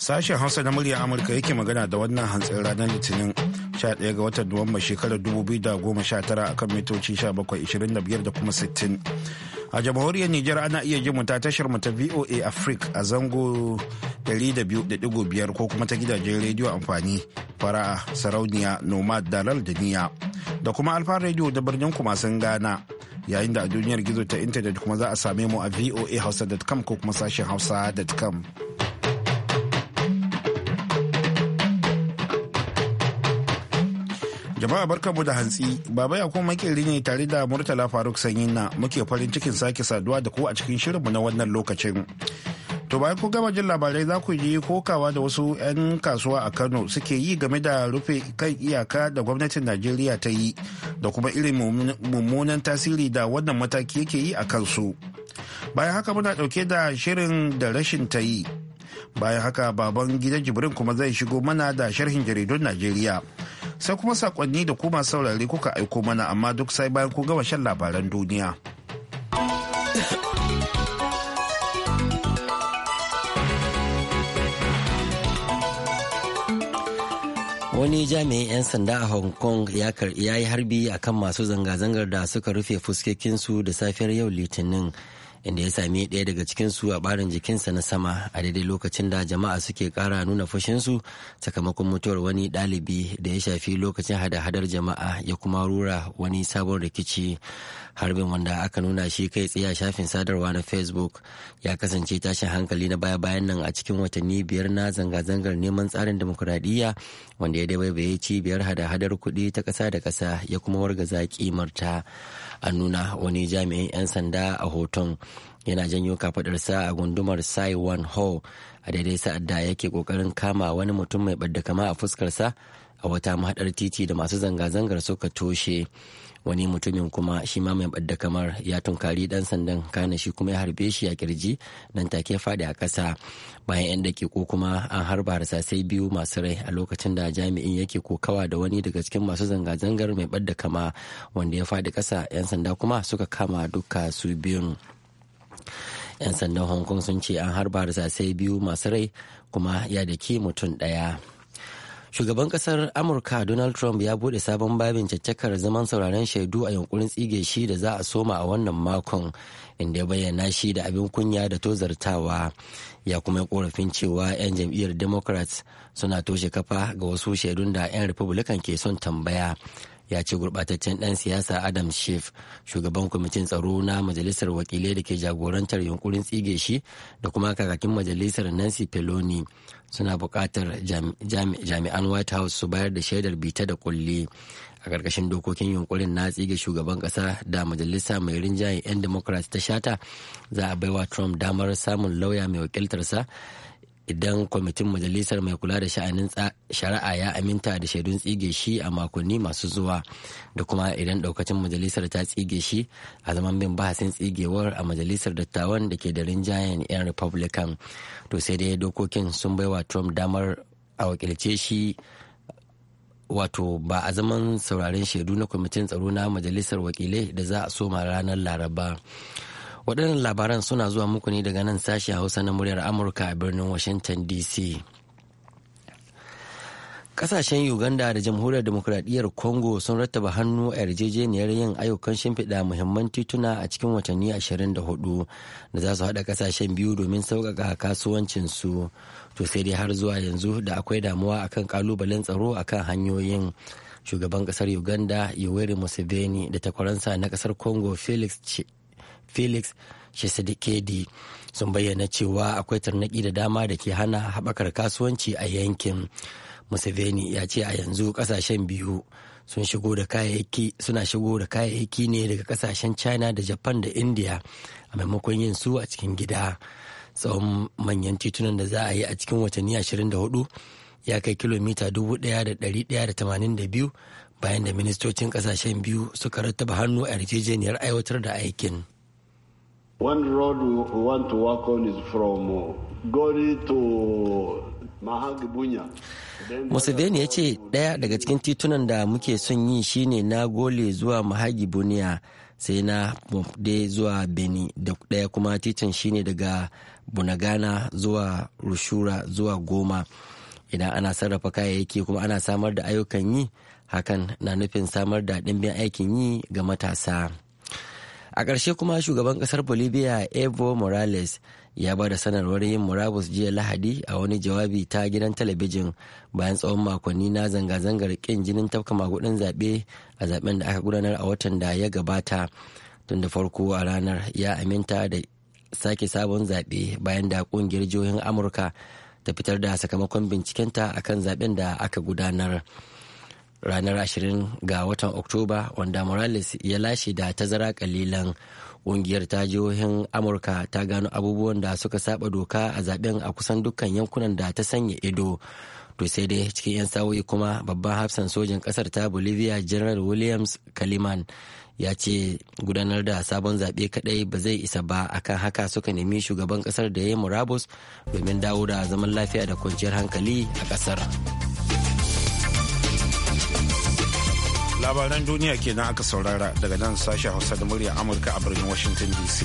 Sashen Hausa na murya Amurka yake magana da wannan hantsin ranar Litinin 11 ga watan Nuwamba shekarar 2019 akan mitoci 1725 da kuma 60. A jamhuriyar Nijar ana iya jin mu ta tashar mu ta VOA Africa a zango 200.5 ko kuma ta gidajen rediyo amfani fara sarauniya nomad dalal da niya da kuma alfa rediyo da birnin kuma sun gana yayin da a duniyar gizo ta intanet kuma za a same mu a voa hausa.com ko kuma sashen hausa.com. Jama'a barkanmu da hantsi, Baba ya kuma makeri ne tare da Murtala Faruk sanyi na muke farin cikin sake saduwa da ku a cikin shirinmu na wannan lokacin. To bayan ku gama jin labarai za ku yi kokawa da wasu 'yan kasuwa a Kano suke yi game da rufe kan iyaka da gwamnatin Najeriya ta yi da kuma irin mummunan tasiri da wannan mataki yake yi a kansu. Bayan haka muna ɗauke da shirin da rashin ta yi. Bayan haka baban gidan jibrin kuma zai shigo mana da sharhin jaridun Najeriya. sai kuma sakonni da kuma saurari kuka aiko mana amma duk sai bayan ku gama shan labaran duniya. wani jami'in 'yan sanda a hong kong ya yi harbi akan masu zanga-zangar da suka rufe fuskokinsu da safiyar yau litinin inda ya sami ɗaya daga cikinsu a ɓarin jikinsa na sama a daidai lokacin da jama'a suke ƙara nuna fushinsu sakamakon mutuwar wani ɗalibi da ya shafi lokacin hada-hadar jama'a ya kuma rura wani sabon rikici harbin wanda aka nuna shi kai tsaye a shafin sadarwa na facebook ya kasance tashin hankali na baya-bayan nan a cikin watanni biyar na zanga-zangar neman tsarin demokuraɗiyya wanda ya dabaibaye cibiyar hada-hadar kuɗi ta ƙasa da ƙasa ya kuma wargaza ta a nuna wani jami'in 'yan sanda a hoton yana janyo kafadarsa a gundumar wan ho a daidai sa'ad da yake kokarin kama wani mutum mai kama a fuskarsa a wata mahaɗar titi da masu zanga-zangar suka toshe wani mutumin kuma shi ma mai ɓadda kamar ya tunkari dan sandan kana shi kuma ya harbe shi a kirji nan take faɗi a ƙasa bayan 'yan ko kuma an harba harsasai biyu masu rai a lokacin da jami'in yake kokawa da wani daga cikin masu zanga-zangar mai ɓadda kama wanda ya faɗi ƙasa 'yan sanda kuma suka kama duka su biyun 'yan sandan hong kong sun ce an harba harsasai biyu masu rai kuma ya daki mutum ɗaya Shugaban kasar Amurka Donald Trump ya bude sabon babin caccakar zaman sauraren shaidu a yankurin tsige shi da za a soma a wannan makon inda ya bayyana shi da abin kunya da tozartawa. Ya kuma korafin cewa 'yan jam'iyyar Democrats suna toshe kafa ga wasu shaidun da 'yan Republican ke son tambaya ya ce gurbataccen ɗan siyasa adam shef shugaban kwamitin tsaro na majalisar wakilai da ke jagorantar yunkurin tsige shi da kuma kakakin majalisar nancy peloni suna buƙatar jami'an white house su bayar da shaidar bita da kulle a ƙarƙashin dokokin yunkurin na tsige shugaban ƙasa da majalisa mai rinjaye 'yan democrat ta shata za a baiwa trump damar samun lauya mai wakiltarsa idan kwamitin majalisar mai kula da sha'anin shari'a ya aminta da shaidun tsige shi a makonni masu zuwa da kuma idan daukacin majalisar ta tsige shi a zaman bin bahasin tsigewar a majalisar dattawan da ke da rinjayen 'yan republican to sai dai dokokin sun baiwa trump damar a wakilce shi wato ba a zaman sauraren shaidu na kwamitin tsaro na majalisar wakilai da za a soma ranar laraba. waɗannan labaran suna zuwa muku ne daga nan sashi hausa na muryar amurka a birnin washington dc Kasashen Uganda da Jamhuriyar Demokuraɗiyyar Congo sun rattaba hannu a yarjejeniyar yin ayyukan shimfiɗa muhimman tituna a cikin watanni 24 da za su haɗa kasashen biyu domin sauƙaƙa kasuwancinsu. To sai dai har zuwa yanzu da akwai damuwa akan ƙalubalen tsaro akan hanyoyin. Shugaban ƙasar Uganda Yoweri Museveni da takwaransa na ƙasar Congo Felix felix shisadikedi sun bayyana cewa akwai tarnaki da dama da ke hana haɓakar kasuwanci a yankin museveni ya ce a yanzu ƙasashen biyu sun shigo da kayayyaki suna shigo da kayayyaki ne daga ƙasashen china da japan da india a maimakon yin su a cikin gida tsawon manyan titunan da za a yi a cikin watanni 24 ya kai kilomita 1,182 bayan da ministocin kasashen biyu suka rattaba hannu a yarjejeniyar aiwatar da aikin. One road we want to work on is from uh, Gori to Mahagibunya. Museveni ya ce ɗaya daga cikin titunan da muke son yi shine na gole zuwa buniya sai na bude zuwa Beni da ɗaya kuma titin shine daga Bunagana zuwa Rushura zuwa Goma. Idan ana sarrafa kayayyaki kuma ana samar da ayyukan yi hakan na nufin samar da ɗimbin aikin yi ga matasa. a ƙarshe kuma shugaban ƙasar bolivia evo morales ya ba da sanarwar yin murabus jiya lahadi a wani jawabi ta gidan talabijin bayan tsawon makonni na zanga-zangar ƙin jinin tafka magudin zaɓe a zaɓen da aka gudanar a watan da ya gabata tun da farko a ranar ya aminta da sake sabon zaɓe bayan da ƙungiyar jihohin amurka ta fitar da sakamakon bincikenta akan zaɓen da aka gudanar. ranar 20 ga watan oktoba wanda morales ya lashe da tazara kalilan ƙungiyar ta jihohin amurka ta gano abubuwan da suka saba doka a zaben a kusan dukkan yankunan da ta sanya ido to sai dai cikin 'yan sa'o'i kuma babban hafsan sojin kasar ta bolivia general williams kaliman ya ce gudanar da sabon zaɓe kadai ba zai isa ba akan haka suka nemi shugaban kasar da ya yi murabus domin dawo da zaman lafiya da kwanciyar hankali a kasar. labaran duniya kenan aka saurara daga nan sashen hausa da murya amurka a birnin washington dc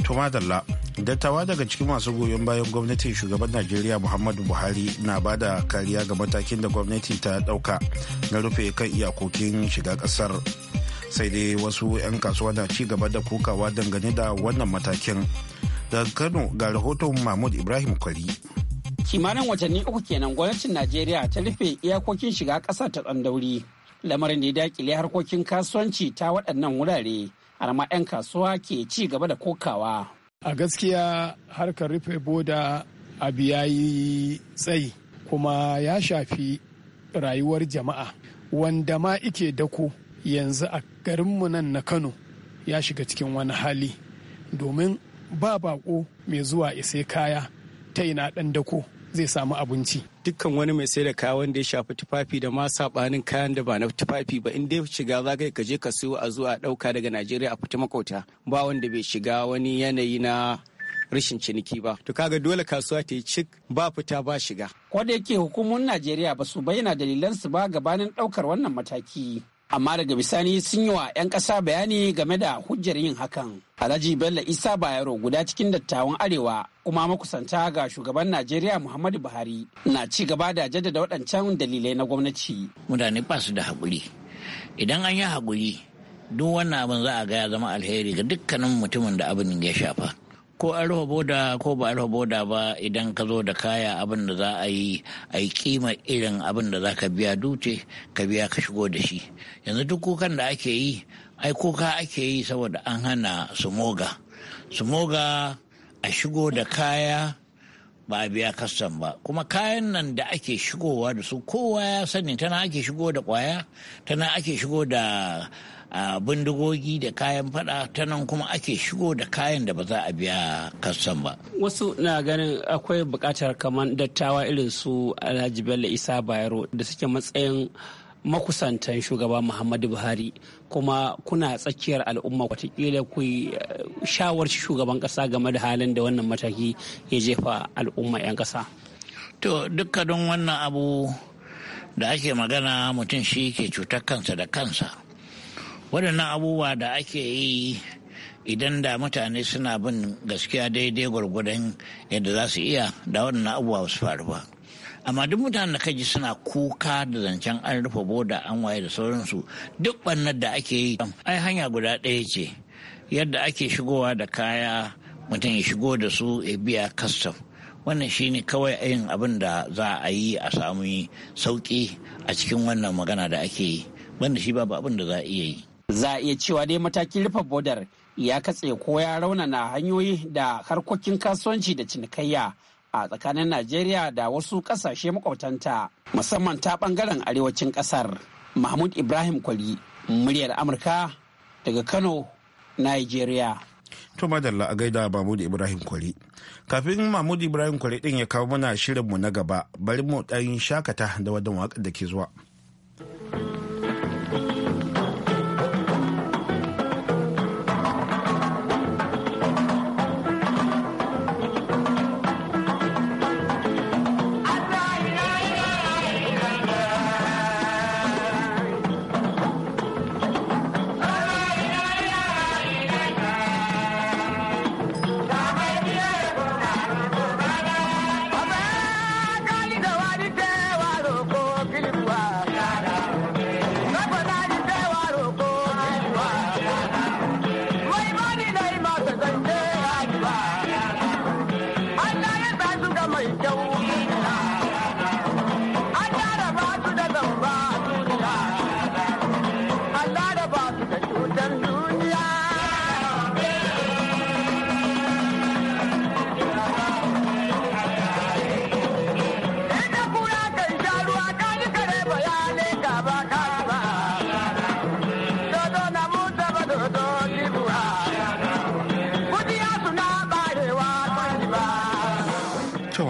tumadalla dattawa daga cikin masu goyon bayan gwamnatin shugaban najeriya muhammadu buhari na ba da kariya ga matakin da gwamnati ta dauka na rufe kan iyakokin shiga kasar sai dai wasu 'yan kasuwa na ci gaba da kokawa dangane da wannan matakin daga kano ga rahoton mahmud ibrahim kwari kimanin watanni uku kenan gwamnatin najeriya ta rufe iyakokin shiga ƙasa ta tsandauri lamarin da ya dakile harkokin kasuwanci ta waɗannan wurare har ma 'yan kasuwa ke ci gaba da kokawa a gaskiya harkar rufe boda abu ya yi tsayi kuma ya shafi rayuwar jama'a wanda ma ike dako yanzu a garinmu nan na kano ya shiga cikin wani hali domin ba bako mai zuwa isai kaya ta ina ɗan dako zai samu abinci. Dukkan wani mai sai da kaya wanda ya shafi tufafi da ma sabanin kayan da ba na tufafi ba in ya shiga za ka je ka siyo a zuwa ɗauka daga Najeriya a fita makauta ba wanda bai shiga wani yanayi na rashin ciniki ba. To kaga dole kasuwa ta yi cik ba fita ba shiga. Ko da yake hukumomin Najeriya ba su bayyana dalilan su ba gabanin ɗaukar wannan mataki. amma daga bisani sun yi wa 'yan ƙasa bayani game da hujjar yin hakan. Alhaji Bello Isa Bayero guda cikin dattawan Arewa kuma makusanta ga shugaban Najeriya Muhammadu Buhari na ci gaba da jaddada waɗancan dalilai na gwamnati. Mutane ba su da haƙuri. Idan an yi haƙuri, duk wannan abin za a ga ya zama alheri ga dukkanin mutumin da abin ya shafa. ko an boda ko ba a rufe boda ba idan ka zo da kaya abin da za a yi a yi kima irin abin da za ka biya dutse ka biya ka shigo da shi yanzu duk kukan da ake yi ai kuka ake yi saboda an hana su moga su moga a shigo da kaya ba a biya kastan ba kuma kayan nan da ake shigowa da su kowa ya sani tana ake shigo da kwaya tana ake shigo da A bindigogi da kayan fada ta nan kuma ake shigo da kayan da ba za a biya kasan ba wasu na ganin akwai bukatar kamar dattawa irin su alhaji bello isa bayero da suke matsayin makusantan shugaba muhammadu buhari kuma kuna tsakiyar al'umma watakila ku eh, shawarci shugaban kasa game da halin da wannan mataki ya jefa al'umma 'yan kasa to dukkanin wannan abu da ake magana mutum shi ke cutar kansa da kansa waɗannan abubuwa da ake yi idan da mutane suna bin gaskiya daidai gwargwadon yadda za su iya da waɗannan abubuwa su faru ba amma duk mutanen da kaji suna kuka da zancen an rufe boda an waye da sauransu duk ɓannar da ake yi ai hanya guda ɗaya ce yadda ake shigowa da kaya mutum ya shigo da su ya biya kastam wannan shine kawai yin abin da za a yi a samu sauki a cikin wannan magana da ake yi wannan shi babu abin da za a iya yi Za a iya cewa dai matakin rufe bodar ya katse ko ya raunana hanyoyi da harkokin kasuwanci da cinikayya a tsakanin Najeriya da wasu kasashe makwabtanta musamman ta ɓangaren arewacin ƙasar. Mahmud Ibrahim Kwali, muryar Amurka daga Kano, Nigeria. To madalla a gaida Mahmud Ibrahim kwali Kafin Mahmud Ibrahim Kwari din ya kawo mana shirinmu na gaba, bari mu ɗan shakata da wadda waƙar da ke zuwa.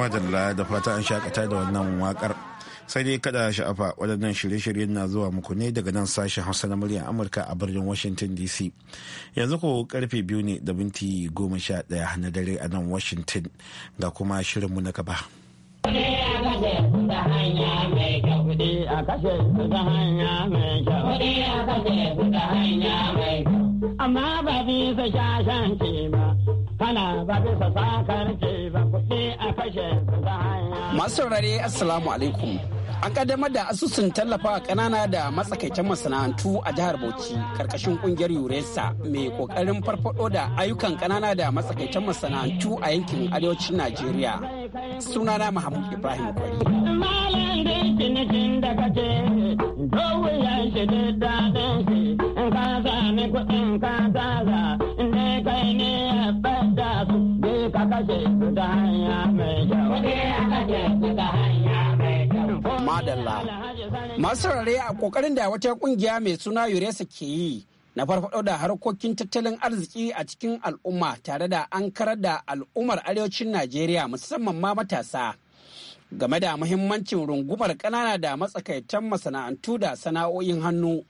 madalla da fata an shakata da wannan wakar sai dai kada sha'afa waɗannan shirye-shiryen na zuwa muku ne daga nan sashen hausa na muryar amurka a birnin washington dc yanzu ko karfe biyu ne da minti goma sha ɗaya na dare a nan washington ga kuma shirinmu na gaba amma ba bisa shashanci ba Kana ba Masu saurare Assalamu alaikum. An kaddamar da asusun tallafa ƙanana da matsakaitan masana'antu a jihar Bauchi karkashin kungiyar Yuresa mai kokarin farfaɗo da ayyukan ƙanana da matsakaitan masana'antu a yankin arewacin Najeriya. Sunana Mahamud Ibrahim Kwari. Malam da cinikin da kace, dole ya da shi, in kuɗin ka ka a kashe su Madalla. Masu rare a ƙoƙarin da wata ƙungiya mai suna Yuresa ke yi na farfaɗo da harkokin tattalin arziki a cikin al'umma tare da an karar da al'ummar arewacin Najeriya musamman ma matasa. game da muhimmancin rungumar ƙanana da matsakaitan masana'antu da sana'o'in hannu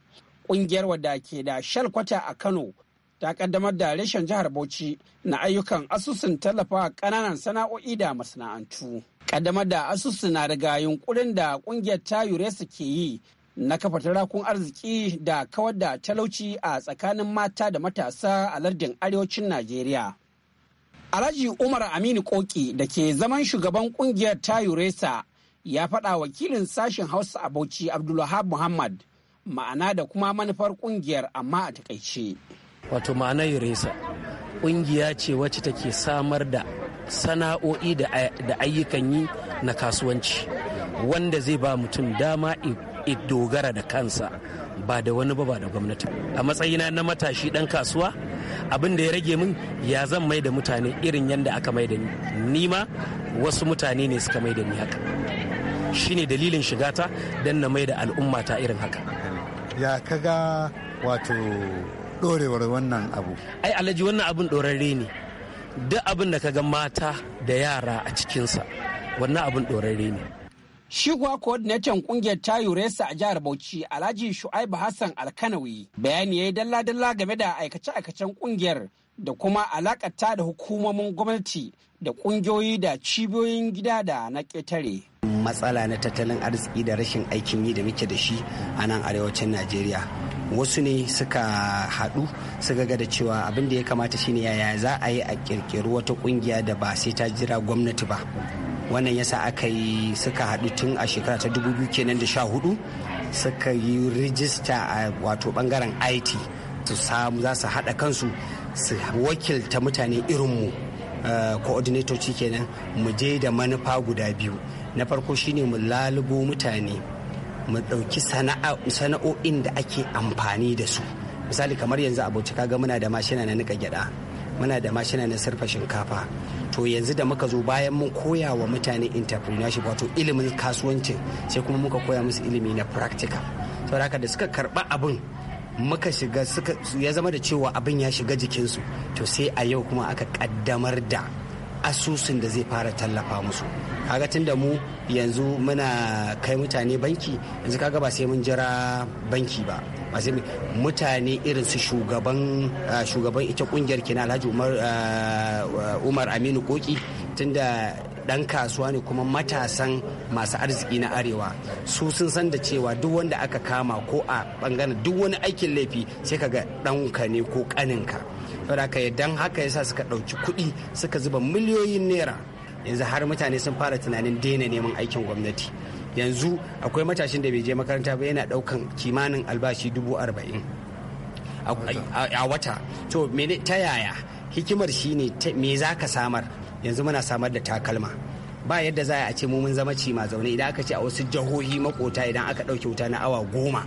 ƙungiyar wadda ke da shalkwata a kano ta kaddamar da reshen jihar Bauchi na ayyukan asusun tallafa ƙananan sana'o'i da masana'antu. Kaddamar da asusun na daga yunkurin da ƙungiyar ta Yuresa ke yi na kafa tarakun arziki da kawar da talauci a tsakanin mata da matasa a lardin arewacin Najeriya. Alhaji Umar Aminu Koki da ke zaman shugaban kungiyar ta Yuresa ya faɗa wakilin sashen Hausa a Bauchi Abdulwahab Muhammad ma'ana da kuma manufar kungiyar amma a takaice. wato ma'ana resa, ƙungiya ce wacce take samar da sana'o'i da ayyukan yi na kasuwanci wanda zai ba mutum dama i dogara da kansa ba da wani ba ba da gwamnati a matsayina na matashi dan kasuwa abin da ya rage min ya zan mai da mutane irin yadda aka mai da ni ma wasu mutane ne suka mai da ni haka shine dalilin shigata don na mai da al'ummata irin haka ya kaga wato ɗorewar wannan abu ai alhaji wannan abin ɗorarre ne duk abin da kaga mata da yara a cikinsa wannan abin ɗorarre ne Shi kuwa coordinator kungiyar ta resa a jihar Bauchi Alhaji Shu'aibu Hassan Alkanawi bayani ya yi dalla-dalla game da aikace-aikacen kungiyar da kuma alakata da hukumomin gwamnati da kungiyoyi da cibiyoyin gida da na ketare. Matsala na tattalin arziki da rashin aikin yi da muke da shi a nan arewacin Najeriya wasu ne suka haɗu suka ga da cewa abin da ya kamata shine yaya za a yi a ƙirƙiri wata ƙungiya da ba sai ta jira gwamnati ba wannan yasa aka yi suka haɗu tun a shekara ta dubu biyu kenan da sha hudu suka yi rijista a wato bangaren it su samu za su haɗa kansu su wakilta mutane irin irinmu eh, coordinatoci kenan mu je da manufa guda biyu na farko shine mu lalubo mutane mu ɗauki sana'o'in da ake amfani da su misali kamar yanzu abuci kaga muna da mashina na nika gyada muna da mashina na surfa shinkafa to yanzu da muka zo bayan mun koya wa mutane entrepreneurship wato ilimin kasuwanci sai kuma muka koya musu ilimi na practical saboda haka da suka karba abin muka shiga ya zama da cewa abin ya shiga jikinsu to sai a yau kuma aka kaddamar da asusun da zai fara tallafa musu kaga tun da mu yanzu muna kai mutane banki yanzu kaga ba sai mun jira banki ba ba mutane irin su shugaban ah, shugaban ita kungiyar kina Alhaji ah, Umar Aminu Koki tunda dan kasuwa ne kuma matasan masu arziki na arewa su sun san da cewa duk wanda aka kama ko a bangaren duk wani aikin laifi sai kaga ɗanka ne ko ƙaninka saboda dan haka yasa suka ɗauki kuɗi suka zuba miliyoyin naira yanzu har mutane sun fara tunanin daina neman aikin gwamnati yanzu akwai matashin da bai je makaranta ba yana ɗaukan kimanin albashi dubu arba'in a wata to ta yaya hikimar shine me za ka samar yanzu muna samar da takalma ba yadda za a ce mu mun zama ci cima zaune idan aka ce a wasu jihohi makota idan aka ɗauke wuta na awa goma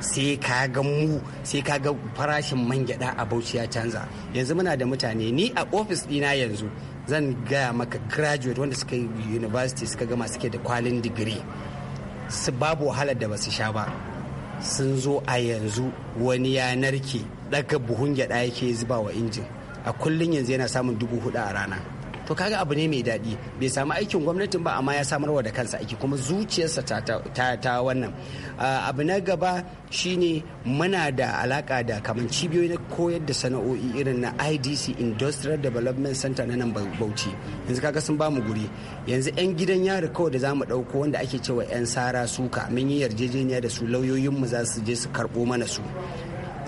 sai ka ga mu sai ka ga farashin man gyada a bauchi ya canza yanzu muna da mutane ni a ofis dina yanzu zan gaya maka graduate wanda suka yi university suka gama suke da kwalin digiri su babu wahalar da ba su sha ba sun zo a yanzu wani yanar ke daga buhun gyada yake zuba wa injin a kullum yanzu yana samun dubu hudu a rana to kaga abu ne mai daɗi bai samu aikin gwamnatin ba amma ya samarwa da kansa aiki kuma zuciyarsa ta wannan ah, abu na gaba shine muna da alaka da kamar cibiyoyi na koyar da sana'o'i irin na idc industrial development center na nan bauchi yanzu kaga sun bamu guri yanzu 'yan gidan yari kawai da za mu dauko wanda ake cewa 'yan sara suka mun yi yarjejeniya da su lauyoyinmu za su je su karɓo mana su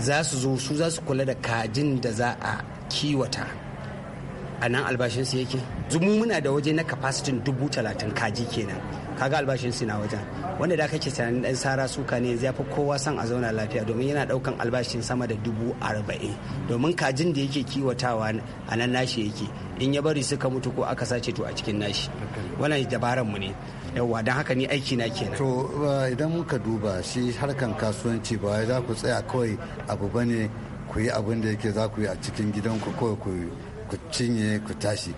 za su zo su za su kula da kajin da za a kiwata a nan albashinsu yake zumu muna da waje na kafasitin dubu talatin kaji kenan kaga albashinsu na wajen wanda da kake tunanin dan sara suka ne ya fi kowa son a zauna lafiya domin yana daukan albashin sama da dubu arba'in domin kajin da yake kiwatawa a nan nashi yake in ya bari suka mutu ko aka sace to a cikin nashi wannan dabaran mu ne yawwa don haka ni aiki na kenan to eh, idan muka duba shi harkan kasuwanci ba za ku tsaya kawai abu bane ku yi abin da yake za ku yi a cikin gidanku kawai ku ku cinye ku tashi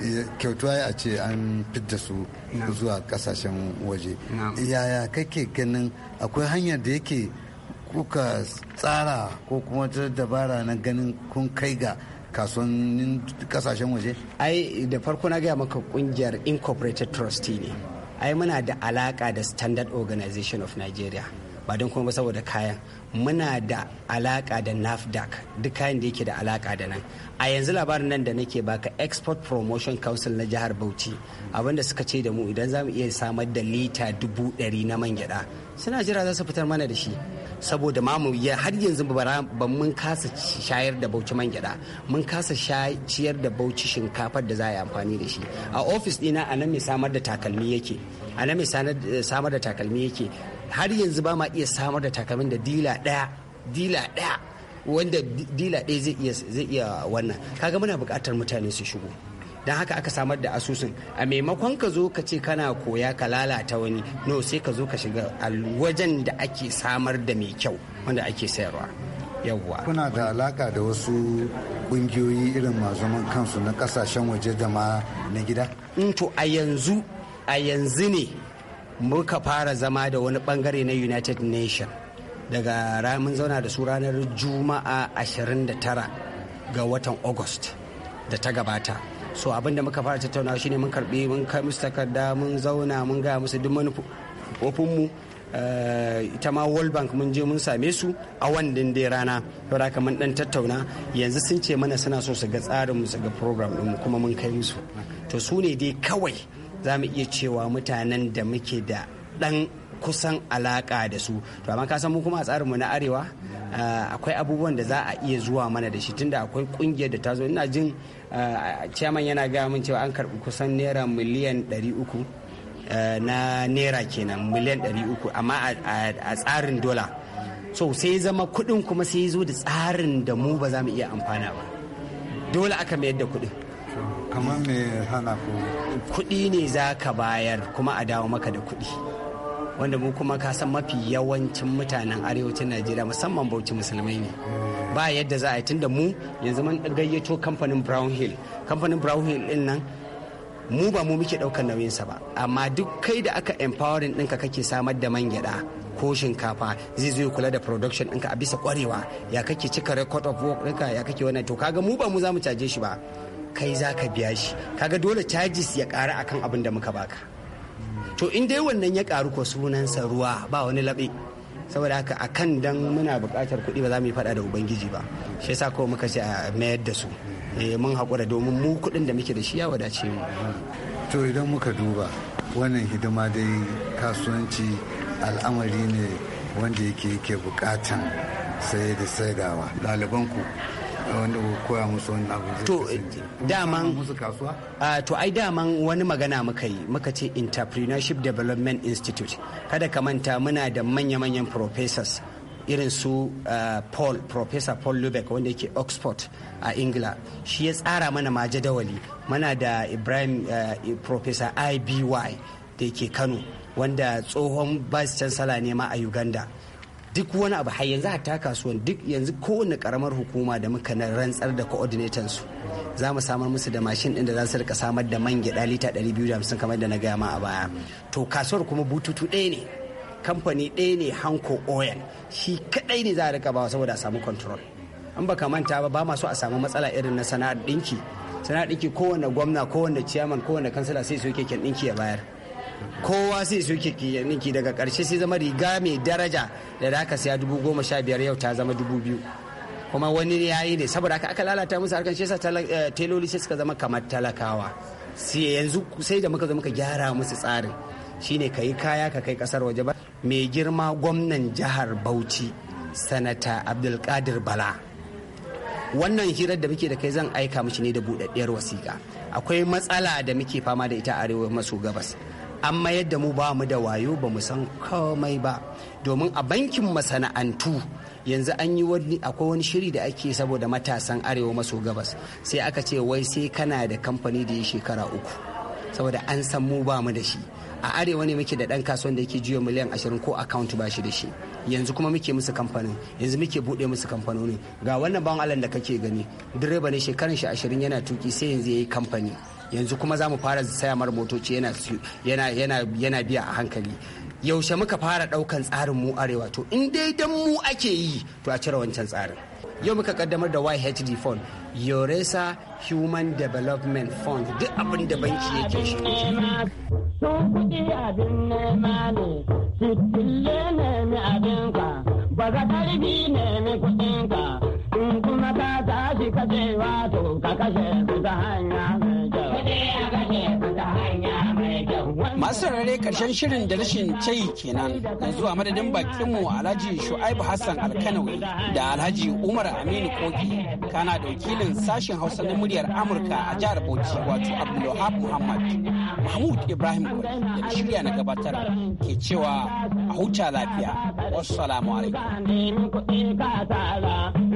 eh, kyautuwa ya ce an fidda su zuwa kasashen waje yaya kake ganin akwai hanyar da yake kuka tsara ko kuma ta dabara na ganin kun kai ga kasuwannin kasashen waje ai da farko na gaya maka kungiyar incorporated trustee ne ai muna da alaka da standard organization of nigeria ba don kuma saboda kayan muna da alaka da nafdac duk kayan da yake da alaka da nan a yanzu labarin nan da nake baka export promotion council na jihar bauchi abinda suka ce da mu idan za mu iya samar da lita dubu ɗari na man gyada suna jira za su fitar mana da shi saboda ma mu har yanzu ba mun kasa shayar da bauchi man gyada mun kasa ciyar da bauchi shinkafar da za a yi amfani da shi a ofis dina a nan mai samar da takalmi yake a nan mai eh, samar da takalmi yake har yanzu ba ma iya samar da takalmin da dila ɗaya dila ɗaya wanda dila ɗaya zai iya zai iya wannan kaga muna buƙatar mutane su shigo dan haka aka samar da asusun a maimakon ka zo ka ce kana koya ka lalata wani no sai ka zo ka shiga wajen da ake samar da mai kyau wanda ake sayarwa yawwa kuna da alaka da wasu ƙungiyoyi irin masu kansu na kasashen waje da ma na gida mm, to a yanzu a yanzu ne muka fara zama da wani bangare na united nation daga ramin zauna da su ranar juma'a 29 ga watan august da ta gabata so abinda muka fara tattauna shine mun karbi mun kai musu takarda mun zauna mun gaya musu duk manufofinmu eh, ita ma world bank mun je mun same su a wannan dai rana to da mun dan tattauna yanzu sun ce mana suna so su ga tsarin su ga program din kuma mun kai musu to su ne dai kawai za mu iya cewa mutanen da muke da ɗan kusan alaka da su to amma ka san mu kuma a tsarinmu na arewa eh, akwai abubuwan da za a iya zuwa mana da shi tunda akwai kungiyar da ta zo ina jin eh, ciyaman yana gaya min cewa an karbi kusan naira miliyan 300 eh, na naira kenan miliyan 300 amma a tsarin dola so sai zama kuɗin kuma sai zo da tsarin da mu ba za mu iya amfana ba dole aka mayar da kudin kamar me hana ku kuɗi ne za ka bayar kuma a dawo maka da kuɗi wanda mu kuma ka san mafi yawancin mutanen arewacin najeriya musamman bauchi musulmai ne ba yadda za a yi tunda mu yanzu mun gayyato kamfanin brown hill kamfanin brown hill din nan mu ba mu muke ɗaukar nauyinsa ba amma duk kai da aka empowering ɗinka kake samar da man gyaɗa ko shinkafa zai zo kula da production ɗinka a bisa kwarewa ya kake cika record of work ɗinka ya kake wannan to kaga mu ba mu za mu caje shi ba kai za ka biya shi kaga dole charges ya ƙara akan abin da muka baka to in dai wannan ya karu ko sunansa ruwa ba wani laɓe saboda haka a kan dan muna buƙatar kuɗi ba za mu yi faɗa da ubangiji ba shi yasa ko muka ce a mayar da su eh, mun haƙura domin mu kuɗin da muke da shi ya wadace mu to idan muka duba wannan hidima dai kasuwanci al'amari ne wanda yake yake buƙatan saye da saidawa ɗalibanku wanda koya musu wani abu to daman musu kasuwa ah, to ai daman wani magana muka yi muka ce entrepreneurship development institute kada ka manta muna da manya-manyan professors irin su ah, paul professor paul lubeck wanda yake oxford a ingila shi ya tsara mana ma jadawali mana da ibrahim ah, professor iby da yake kano wanda tsohon vice chancellor ne ma a uganda duk wani abu har yanzu hatta kasuwan duk yanzu kowane karamar hukuma da muka na rantsar da coordinator su za mu samar musu da mashin din da za su rika samar da man gyada lita 250 kamar da na gaya ma a baya to kasuwar kuma bututu ɗaya ne kamfani ɗaya ne hanko oil shi kadai ne za a rika bawa saboda a samu control an baka manta ba ba ma so a samu matsala irin na sana'ar ɗinki sana'ar ɗinki kowane gwamna kowane ciyaman kowane kansila sai su keken ɗinki ya bayar kowa sai su ke niki daga karshe sai zama riga mai daraja da da aka siya dubu goma sha biyar yau ta zama dubu biyu kuma wani ya yi ne saboda aka aka lalata musu harkar shesa taloli eh, teloli sai suka zama kamar talakawa sai yanzu sai da muka zo muka gyara musu tsarin shine ka yi kaya ka kai kasar waje ba mai girma gwamnan jihar bauchi sanata abdulkadir bala wannan hirar da muke da kai zan aika mishi ne da buɗaɗɗiyar wasiƙa akwai matsala da muke fama da ita arewa maso gabas an mayar da mu ba mu da wayo ba mu san komai ba domin a bankin masana'antu yanzu an yi wani akwai wani shiri da ake saboda matasan arewa maso gabas sai aka ce wai sai kana da kamfani da ya shekara uku saboda an san mu ba mu da shi a arewa ne muke da dan kasuwan da yake jiyo miliyan ashirin ko account ba shi da shi yanzu kuma muke musu kamfanin yanzu muke bude musu kamfanoni ga wannan bawan allah da kake gani direba ne shekaran shi ashirin yana tuki sai yanzu ya yi kamfani yanzu kuma za mu fara saya mara motoci yana biya a hankali yaushe muka fara daukan tsarin mu arewa to in dai dan mu ake yi to a cire wancan tsarin yau muka kaddamar da YHD fund Yoresa Human Development Fund duk abin da banki yake shi ba ne kuɗinka kuma ta tashi ka wato ka kashe Masu saurare karshen shirin da rashin cai kenan na zuwa madadin bakinmu Alhaji Shu'aibu Hassan Alkanawi da Alhaji Umar Aminu Kogi kana da wakilin sashen Hausa na muryar Amurka a jihar Bauchi wato Abdulwahab Muhammad Mahmud Ibrahim da shirya na gabatar ke cewa a huta lafiya. Wassalamu alaikum.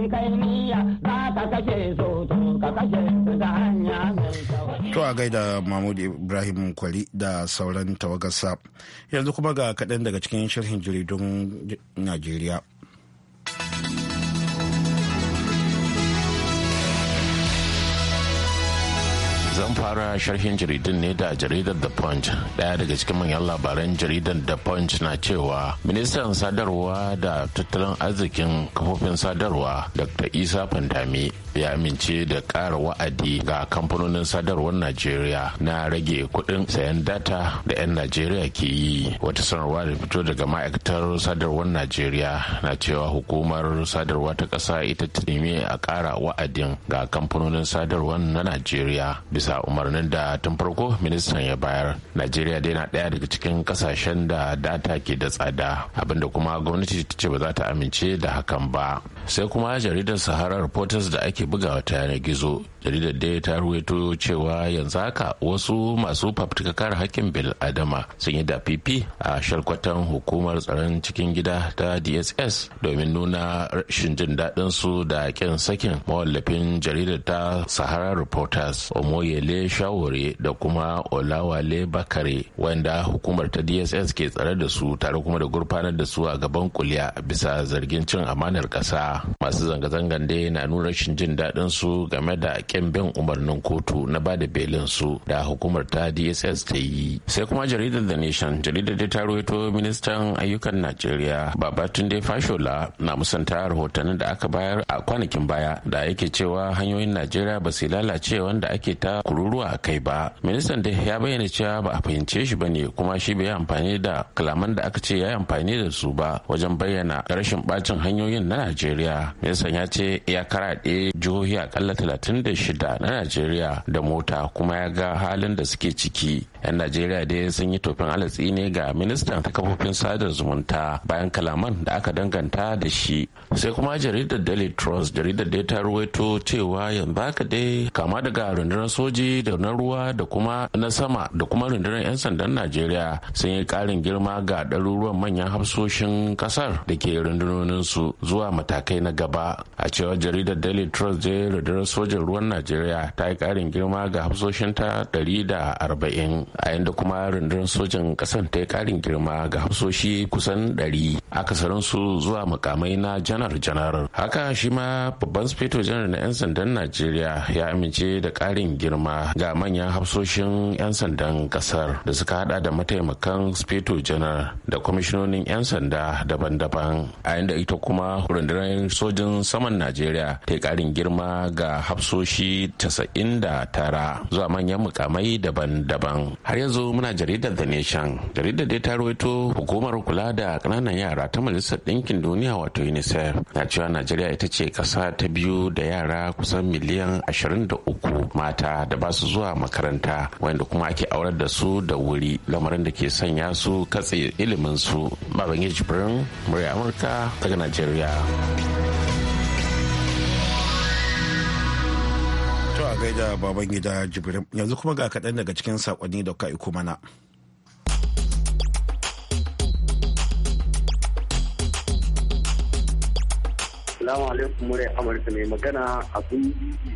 niyya za kashe to kashe a gaida Mahmud Ibrahim Kwali da sauran tawagarsa yanzu kuma ga kaɗan daga cikin sharhin jaridun Najeriya. zan fara sharhin jaridun ne da jaridar the punch daya daga cikin manyan labaran jaridar the punch na cewa ministan sadarwa da tattalin arzikin kafofin sadarwa dr isa fantami ya amince da ƙara wa'adi ga kamfanonin sadarwar najeriya na rage kuɗin sayan data da 'yan najeriya ke yi wata sanarwa da fito daga ma'aikatar sadarwar najeriya na cewa hukumar sadarwa ta ƙasa ita ta nemi a ƙara wa'adin ga kamfanonin sadarwar na najeriya bisa umarnin da tun farko ministan ya bayar najeriya dai na ɗaya daga cikin ƙasashen da data ke da tsada abinda kuma gwamnati ta ce ba za ta amince da hakan ba sai kuma jaridar sahara reporters da ake ake bugawa ta yanar gizo jaridar da ta ruwaito cewa yanzu haka wasu masu fafutukar kare hakkin bil adama sun yi dafifi a sharkwatan hukumar tsaron cikin gida ta dss domin nuna rashin jin daɗin su da kin sakin mawallafin jaridar ta sahara reporters omoyele shawore da kuma olawale bakare wanda hukumar ta dss ke tsare da su tare kuma da gurfanar da su a gaban kuliya bisa zargin cin amanar ƙasa masu zanga-zangan dai na nuna rashin jin daɗin su game da haƙƙin bin umarnin kotu na bada belin su da hukumar ta dss ta yi sai kuma jaridar the nation jaridar da ta ruwaito ministan ayyukan najeriya Baba babatunde fashola na musanta rahotannin da aka bayar a kwanakin baya da yake cewa hanyoyin najeriya ba su lalace wanda ake ta kururuwa a kai ba ministan da ya bayyana cewa ba a fahimce shi ba ne kuma shi bai amfani da kalaman da aka ce ya yi amfani da su ba wajen bayyana rashin bacin hanyoyin na najeriya ministan ya ce ya karaɗe jihohi akalla talatin da shida na najeriya da mota kuma ya ga halin da suke ciki yan najeriya dai sun yi tofin alatsi ne ga ministan kafofin sada zumunta bayan kalaman da aka danganta da shi sai kuma jaridar daily trust jaridar da ta ruwaito cewa yanzu haka dai kama daga rundunar soji da na ruwa da kuma na sama da kuma rundunar 'yan sandan najeriya sun yi karin girma ga ɗaruruwan manyan hafsoshin kasar da ke rundunoninsu zuwa matakai na gaba a cewar jaridar daily trust da rundunar sojin ruwan najeriya ta yi karin girma ga hafsoshinta 140 a yadda kuma rundunar sojin kasan ta yi karin girma ga hafsoshi kusan 100 akasarinsu zuwa makamai na janar-janar haka shi ma babban speto janar na 'yan sandan najeriya ya amince da karin girma ga manyan hafsoshin 'yan sandan kasar da suka hada da mataimakan speto janar da kwamishinonin 'yan sanda daban-daban a yadda ita kuma rundunar sojin saman najeriya ta yi karin girma ga hafsoshi kashi tara zuwa manyan mukamai daban-daban har yanzu muna jaridar the nation jaridar da ta rawaito hukumar kula da kananan yara ta majalisar ɗinkin duniya wato unicef na cewa najeriya ita ce kasa ta biyu da yara kusan miliyan ashirin da uku mata da ba su zuwa makaranta wanda kuma ake aurar da su da wuri lamarin da ke sanya su katse ilimin su babangiji birnin murya amurka daga najeriya gaida baban gida jibrin yanzu kuma ga kaɗan daga cikin saƙonni da kuka iko mana. asalamu alaikum murai Amurka mai magana abun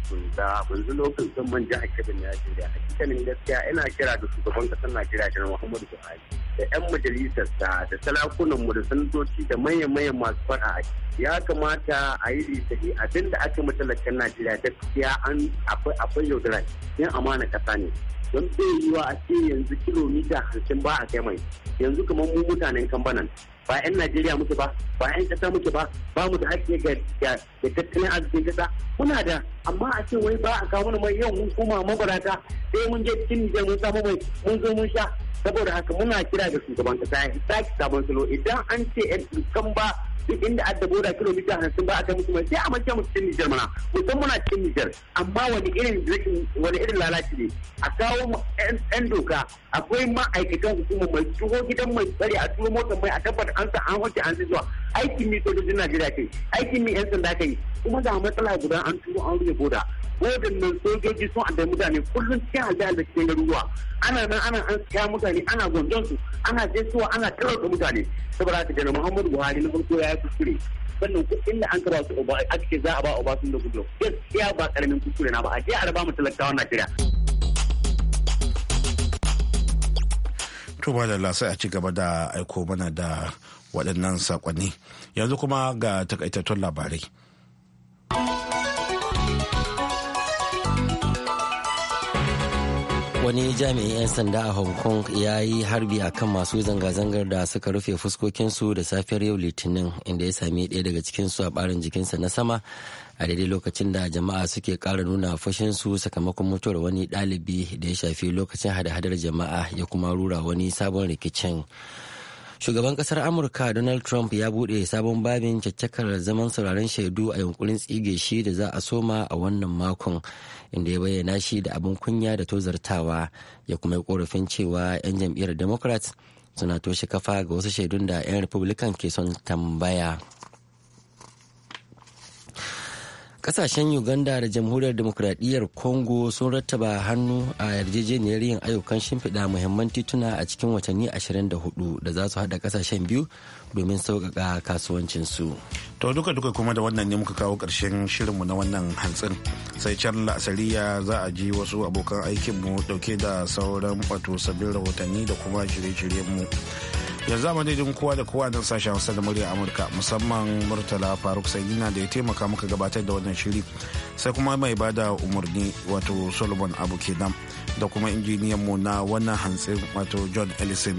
sun bunza wanzu lokacin sun man jihar Kebbi Najeriya. Hakikanin gaskiya ina kira da shugaban kasar Najeriya Janar Muhammadu Buhari da 'yan majalisarsa da salakunan mu da sanatoci da manyan manyan masu fara ya kamata a yi lissafi abin da aka matalakan Najeriya gaskiya an akwai yaudara yin amana kasa ne. Don zai yiwa a ce yanzu kilomita hamsin ba a kai mai yanzu kamar mu mutanen kambanan ba 'yan Najeriya muke ba ba 'yan ƙasa muke ba ba mu da haƙƙi ga tattalin arzikin kasa muna da amma a ce wai ba a kawo mana mai yau mun koma mabarata sai mun je cikin Nijar mun samu mai mun zo mun sha saboda haka muna kira da shugaban kasa ya sake sabon salo idan an ce 'yan kan ba duk inda adda boda kilomita hamsin ba a kai musu mai sai a mace musu cin Nijar mana musan muna cikin Nijar amma wani irin wani irin lalaci ne a kawo yan doka akwai ma'aikatan hukumar mai tuho gidan mai tsari a tuho motar mai a tabbata an sa an hoce an zuwa aikin mi sojojin Najeriya ke aikin mi yan sanda ke kuma ga matsala guda an turo an rufe boda waɗannan sojoji sun adda mutane kullum sai halbe da cikin garuruwa ana nan ana an siya mutane ana gwanjon su ana jesuwa ana tarauta mutane saboda haka jana muhammadu buhari na farko ya yi kuskure sannan kuɗin da an ka ba su oba a ce za a ba oba sun da gudu gaskiya ba karamin kuskure na ba a je a raba mu talakawa najeriya. to da lasa a ci gaba da aiko mana da waɗannan saƙonni yanzu kuma ga takaitattun labarai. wani jami'in 'yan sanda a hong kong ya yi harbi a kan masu zanga-zangar da suka rufe fuskokinsu da safiyar yau litinin inda ya sami ɗaya daga cikinsu a ɓarin jikinsa na sama a daidai lokacin da jama'a suke ƙara nuna fushinsu sakamakon mutuwar wani ɗalibi da ya shafi lokacin hada-hadar jama'a ya kuma rura wani sabon rikicin. Shugaban kasar Amurka Donald Trump ya buɗe sabon babin caccakar zaman sauraron shaidu a yunkurin tsige shi da za a soma a wannan makon inda ya bayyana shi da abin kunya da tozartawa ya kuma yi korafin cewa 'yan jam'iyyar Democrats suna toshe kafa ga wasu shaidun da 'yan Republican ke son tambaya. Kasashen Uganda da Jamhuriyar Demokuraɗiyyar Congo sun rattaba hannu a yarjejeniyar yin ayyukan shimfiɗa muhimman tituna a cikin watanni 24 da za su haɗa kasashen biyu domin sauƙaƙa kasuwancinsu. To duka duka kuma da wannan ne muka kawo ƙarshen shirinmu na wannan hantsin. Sai can la'asariya za a ji wasu abokan aikinmu ɗauke da sauran wato sabbin rahotanni da kuma shirye-shiryenmu. yanzu a madadin kowa da kowa don sashen hausa da murya amurka musamman murtala faruk na da ya taimaka muka gabatar da wannan shiri sai kuma mai bada umarni wato solomon abu kenan da kuma injiniyan mu na wannan hantsin wato john ellison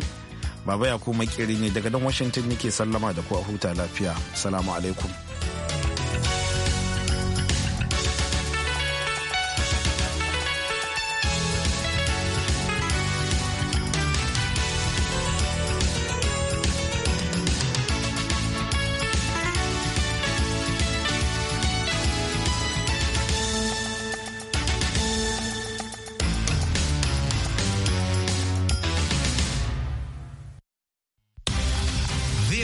baba ya kuma ne daga nan washington nake sallama da ku a huta lafiya salamu alaikum